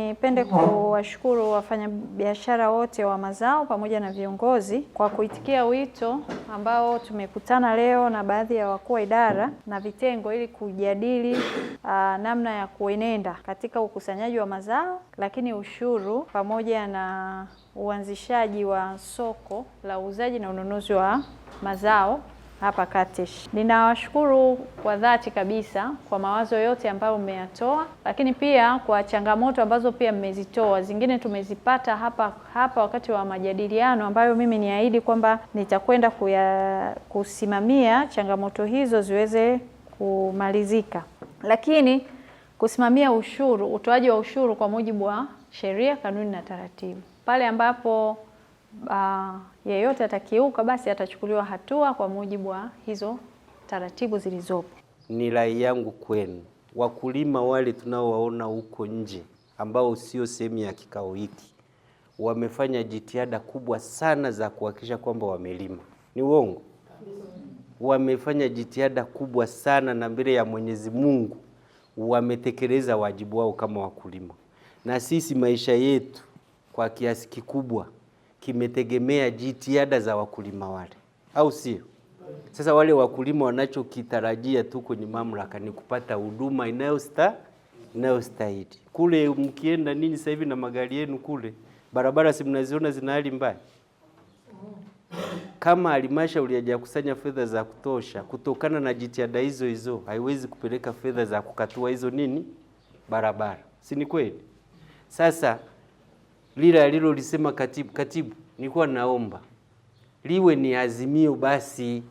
Nipende kuwashukuru wafanyabiashara wote wa mazao pamoja na viongozi kwa kuitikia wito ambao tumekutana leo na baadhi ya wakuu wa idara na vitengo ili kujadili uh, namna ya kuenenda katika ukusanyaji wa mazao, lakini ushuru pamoja na uanzishaji wa soko la uuzaji na ununuzi wa mazao hapa Katish. Ninawashukuru kwa dhati kabisa kwa mawazo yote ambayo mmeyatoa, lakini pia kwa changamoto ambazo pia mmezitoa, zingine tumezipata hapa hapa wakati wa majadiliano, ambayo mimi niahidi kwamba nitakwenda kuya kusimamia changamoto hizo ziweze kumalizika. Lakini kusimamia ushuru, utoaji wa ushuru kwa mujibu wa sheria, kanuni na taratibu, pale ambapo uh, yeyote atakiuka, basi atachukuliwa hatua kwa mujibu wa hizo taratibu zilizopo. Ni rai yangu kwenu, wakulima wale tunaowaona huko nje ambao sio sehemu ya kikao hiki, wamefanya jitihada kubwa sana za kuhakikisha kwamba wamelima. Ni uongo? Wamefanya jitihada kubwa sana, na mbele ya Mwenyezi Mungu wametekeleza wajibu wao kama wakulima, na sisi maisha yetu kwa kiasi kikubwa kimetegemea jitihada za wakulima wale, au sio? Sasa wale wakulima wanachokitarajia tu kwenye mamlaka ni kupata huduma inayosta inayostahili. Kule mkienda ninyi sasa hivi na magari yenu kule, barabara si mnaziona zina hali mbaya? Kama halmashauri hajakusanya fedha za kutosha kutokana na jitihada hizo hizo, haiwezi kupeleka fedha za kukatua hizo nini barabara, si ni kweli? Sasa lile alilolisema katibu, katibu nilikuwa naomba liwe ni azimio basi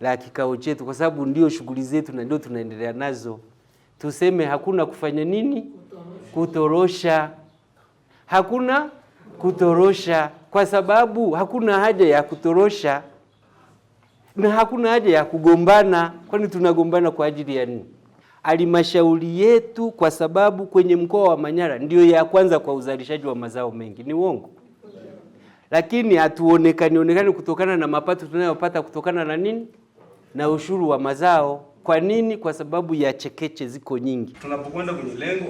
la kikao chetu, kwa sababu ndio shughuli zetu na ndio tunaendelea nazo. Tuseme hakuna kufanya nini, kutorosha, hakuna kutorosha, kwa sababu hakuna haja ya kutorosha na hakuna haja ya kugombana. Kwani tunagombana kwa ajili ya nini? halmashauri yetu, kwa sababu kwenye mkoa wa Manyara ndio ya kwanza kwa uzalishaji wa mazao mengi. Ni uongo? Lakini hatuonekani onekani kutokana na mapato tunayopata kutokana na nini? Na ushuru wa mazao. Kwa nini? Kwa sababu ya chekeche ziko nyingi. Tunapokwenda kwenye lengo,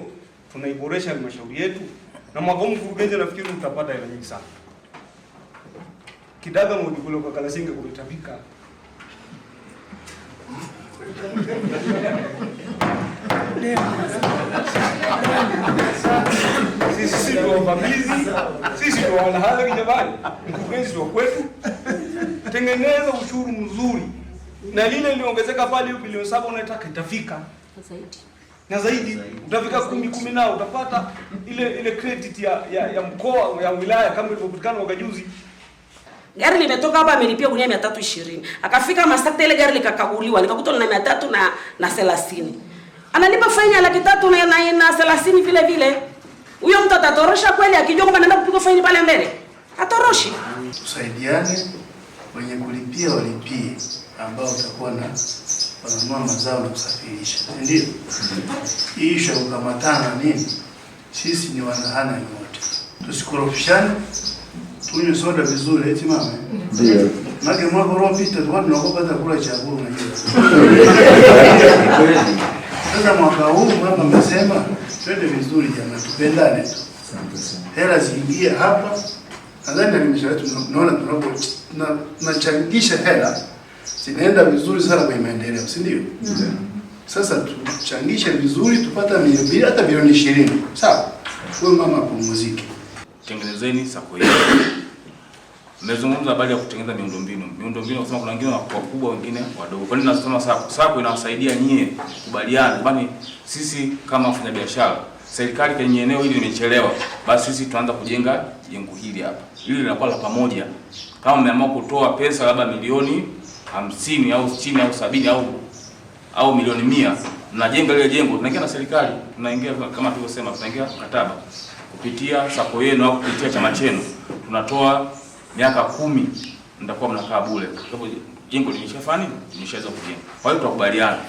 tunaiboresha halmashauri yetu, na mwaka huu mkurugenzi, nafikiri mtapata hela nyingi sana. Kidaga kule kwa Kalasinga kumetabika sisi ndio wavamizi, sisi ndio Jamani, mkurugenzi wa kwetu, tengeneza ushuru mzuri, na lile liliongezeka pale bilioni saba unataka itafika na zaidi, utafika kumi kumi, nao utapata ile ile credit ya, ya, ya mkoa ya wilaya kama ilivyopatikana mwaka juzi. Gari limetoka hapa amelipia gunia mia tatu ishirini akafika Masakta ile gari likakaguliwa likakuta lina mia tatu na thelathini analipa faini ya laki tatu na na na thelathini vile vile. Huyo mtu atatorosha kweli akijua kwamba anaenda kupigwa faini pale mbele? Atoroshi. Tusaidiane, wenye kulipia walipie, ambao utakuwa na wananua mazao na kusafirisha, ndio hii isha kukamatana nini. Sisi ni wanahana wote, tusikorofishane, tunywe soda vizuri, eti mama ndio mwaka uliopita tulikuwa tunaogopa hata kula chakula, na hiyo mwaka huu mama amesema twende vizuri, jamani, tupendane tu, hela ziingie hapa. Nadhani halmashauri tunaona tunachangisha hela zinaenda vizuri sana kwenye maendeleo, si ndio? Sasa tuchangishe vizuri tupata milioni mbili hata milioni ishirini, sawa? Huyu mama apumuzike, tengenezeni sako yenu Mmezungumza habari ya kutengeneza miundombinu. Miundombinu kusema kuna wengine wakubwa wengine wadogo. Kwa nini nasema SACCO? SACCO inawasaidia nyie kubaliana. Kwani sisi kama wafanyabiashara, serikali kwenye eneo hili limechelewa, basi sisi tunaanza kujenga jengo hili hapa. Hili linakuwa la pamoja. Kama mmeamua kutoa pesa labda milioni hamsini au sitini au sabini au au milioni mia mnajenga lile jengo, tunaingia na serikali, tunaingia kama tulivyosema, tunaingia mkataba kupitia SACCO yenu au kupitia chama chenu tunatoa miaka kumi mtakuwa mnakaa bure, kwa sababu jengo limeshafanya, limeshaweza kujenga. Kwa hiyo tutakubaliana